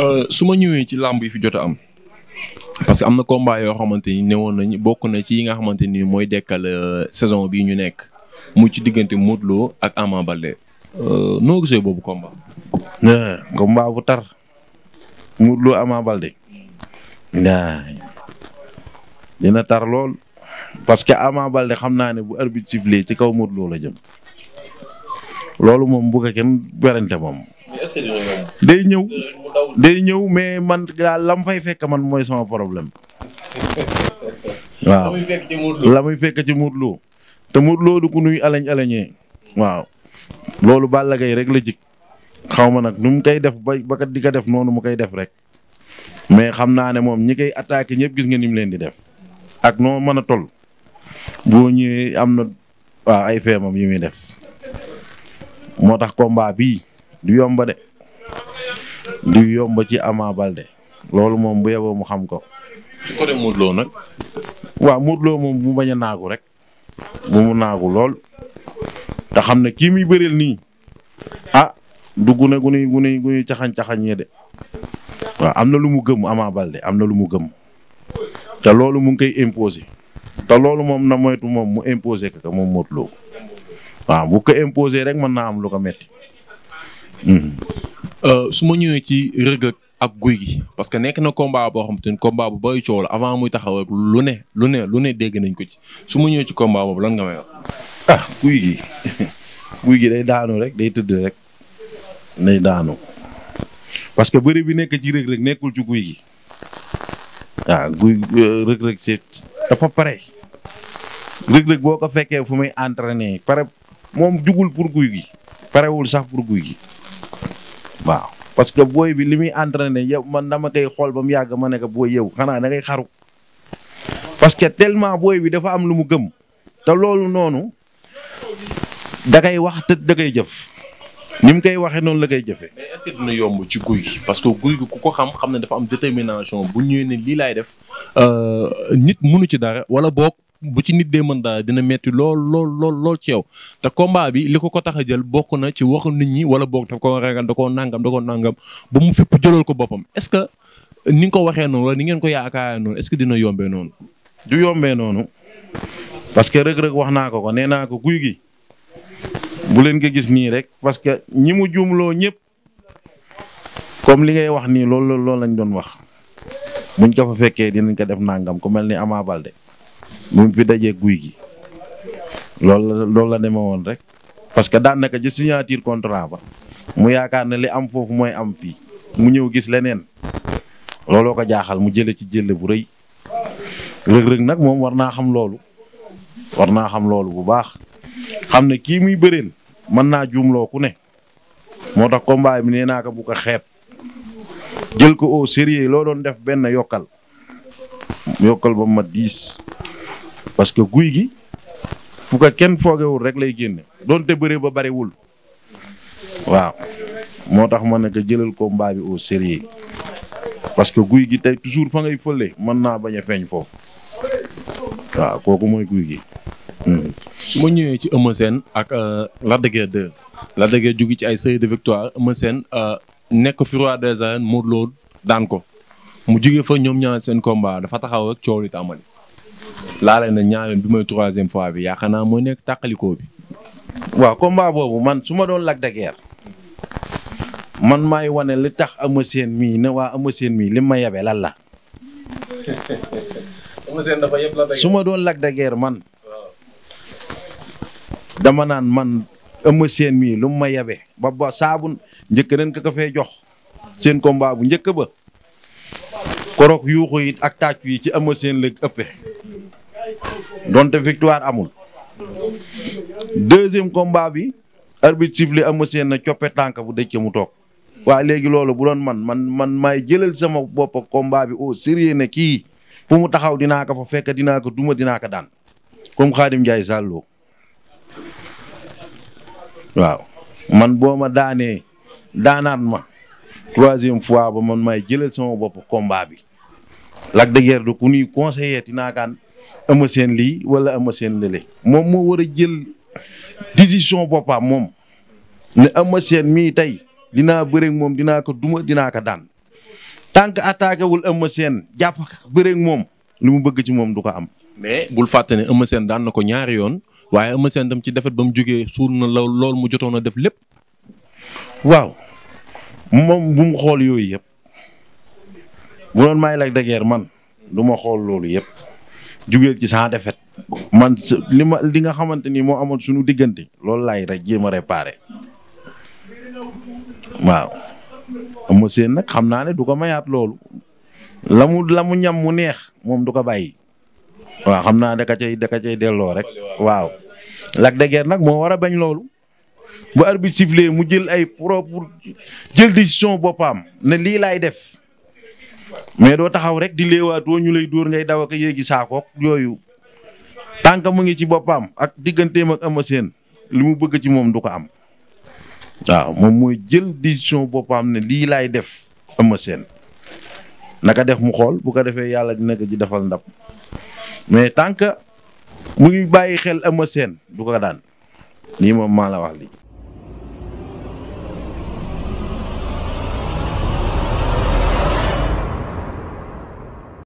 Euh, su ma ñëwee ci làmb yi fi jot am parce que am na combat yoo xamante ni newoon nañ bokk na ci yi nga xamante ni mooy dekkal euh, saison bii ñu nekk mu ci diggante Modou Lo ak Ama Baldé euh, noo gisee boobu combat. combat bu tar Modou Lo Ama Baldé. dina tar lool parce que Ama Baldé xam naa ne bu arbitre sifflé ci kaw Modou la jëm loolu moom bu ko kenn werante moom. day ñëw day ñëw mais man daal la fay fekk man mooy sama problème. waaw la muy ci Modou la muy fekk ci Modou Lo te Modou Lo du ku nuy alañ alañee waaw loolu Balla Gaye rek la jik xaw ma nag nu mu koy def ba ba di ko def noonu mu koy def rek mais xam naa ne moom ñi koy attaqué ñëpp gis nga ni mu leen di def ak noo mën a toll boo am na waaw ay feemam yi muy def moo tax combat bii du yomba de du yomba ci Ama Balde loolu moom bu yeboo mu xam ko. ci côté Modou Lo nag. waaw Modou Lo moom mu bañ a naagu rek bu mu naagu lool te xam ne kii muy bëreel nii ah du gune gune gune gune caxañ caxañ ñe de waa am na lu mu gëm Ama Balde am na lu mu gëm te loolu mu ngi koy imposer te loolu moom na moytu moom mu imposer ko moom Modou Lo waaw bu ko imposer rek mën naa am lu ko metti Euh, su ma ñëwee ci Reug ak guy Gui parce que nekk na combat boo xam te ni combat bu bay coow la avant muy taxaw ak lu ne lu ne lu ne dégg nañ ko ci su ma ñëwee ci combat boobu lan nga may wax. ah Gouye Gui Gouye Gui rek day tëdd rek day daanu. parce que bëri bi nekk ci Reug Reug nekkul ci guy gi waaw guy Reug Reug c'est dafa pare. Reug Reug boo ko fekkee fu muy entraîner pare moom jugul pour Gouye Gui parewul sax pour guy Gui. waaw parce que booy bi li muy entraîné yow man dama kay xool ba mu yàgg ma ne ko booy yow xanaa da ngay xaru parce que tellement booy bi dafa am lu mu gëm te loolu noonu da koy wax te da jëf ni mu koy waxee noonu la kay jëfe mais est yomb ci guy parce que guy gi ku ko xam ne dafa am détermination bu ñëwee ne lii laay def euh, nit mënu ci dara wala boog bu ci nit dee mën daal dina metti lool lool lool lool ci yow te combat bi li ko ko tax a jël bokk na ci waxu nit ñi wala boog te ko ragal da koo nangam da koo nangam ba mu fépp jëlal ko boppam est-ce que ni nga ko waxee noonu wala ngeen ko yaakaaree noonu est-ce que dina du yombee noonu parce que rek rek wax naa ko ko nee naa ko guy gi bu leen ko gis nii rek parce que ñi mu juumloo ñëpp comme li ngay wax nii loolu loolu lañ doon wax buñ ko fa fekkee dinañ ko def nangam ku mel ni Ama Balde. bu mu fi dajee guy gi loolu la loolu la demee woon rek parce que daanaka ja signature contrat ba mu yaakaar ne li am foofu mooy am fii mu ñëw gis leneen looloo ko jaaxal mu jële ci jële bu rëy rëg-rëg nag moom war naa xam loolu war naa xam loolu bu baax xam ne kii muy bëreel mën naa juumloo ku ne moo tax combat bi ne naa ko bu ko xeeb jël ko au sérieux loo doon def benn yokkal yokkal ba mat diis parce que guy gi fu kenn foogewul rek lay génne doonte bëree ba bariwul waaw moo tax ma ne jëlal combat bi au sérieux parce que guy gi tey toujours fa ngay fële mën naa bañ a feeñ foofu waaw kooku mooy guy gi. Hmm. su ma ñëwee ci Eumeu Sène ak euh, Lac de Guiers 2 Lac de ci ay série de victoire Eumeu Sène euh, nekk fi roi des arènes Modou Lo daan ko mu jóge fa ñoom ñaar seen combat dafa taxaw ak coow li tàmbali laale na ñaareel bi may troisième fois bi yaakaar xanaa mooy nekk tàqalikoo bi. waaw combat boobu man su ma doon Lac de Guiers man maay wane li tax Eumeu Sène mii ne waa Eumeu Sène mii li ma yebee lan la. su ma doon Lac de man. dama naan man Eumeu Sène mii ma yebee ba ba saabu njëkk ren ka ko jox seen combat bu njëkk ba. koroog yuuxu it ak tàccu yi ci Eumeu Sène la ëppee. donte victoire amul deuxième combat bi arbitre sifflé am seen na coppe tànk bu dëcc mu toog waa léegi loolu bu doon man man man maay jëlal sama bopp combat bi au sérieux ne kii fu mu taxaw dinaa ko fa fekk dinaa ko duma dinaa ko daan comme Khadim Ndiaye Salloo waaw man boo ma daanee daanaat ma troisième fois ba man maay jëlal sama bopp combat bi Lac de Guiers du ku ñuy conseiller dinaa Eumeu Sène lii wala Eumeu Sène lële moom moo war a jël décision boppam moom ne Eumeu Sène mii tey dinaa bëreeg moom dinaa ko duma dinaa ko daan tant que attaqué wul Eumeu jàpp bëreek moom lu mu bëgg ci moom du ko am. mais bul fàtte ne seen daan na ko ñaari yoon waaye Eumeu Sène tam ci defet ba mu jógee suur na lool mu jotoon a def lépp. waaw moom bu xool yooyu yëpp bu doon may lak degeer man du xool loolu yëpp. jugeel ci sans défaite man li ma li nga xamante ni moo amoon suñu diggante loolu laay rek jéem a réparé waaw. Eumeu Sène nag xam naa ne du ko mayaat loolu lamu mu ñam mu neex moom du ko bàyyi waaw xam naa da ka cay da ka cay delloo rek waaw. lak de Guiers nag moo war a bañ loolu bu arbitre sifflé mu jël ay propre jël décision boppam ne lii laay def. mais doo taxaw rek di léewaatoo ñu lay dóor ngay daw ak yéegi saakook yooyu tànk mu ngi ci boppam ak digganteem ak Eumeu Sène li mu bëgg ci moom du ko am waaw moom mooy jël di décision boppam ne lii laay def Eumeu Sène naka def mu xool bu ko defee yàlla dina ko ci defal ndab mais tànk mu ngi bàyyi xel Eumeu Sène du ko daan lii moom maa la wax lii.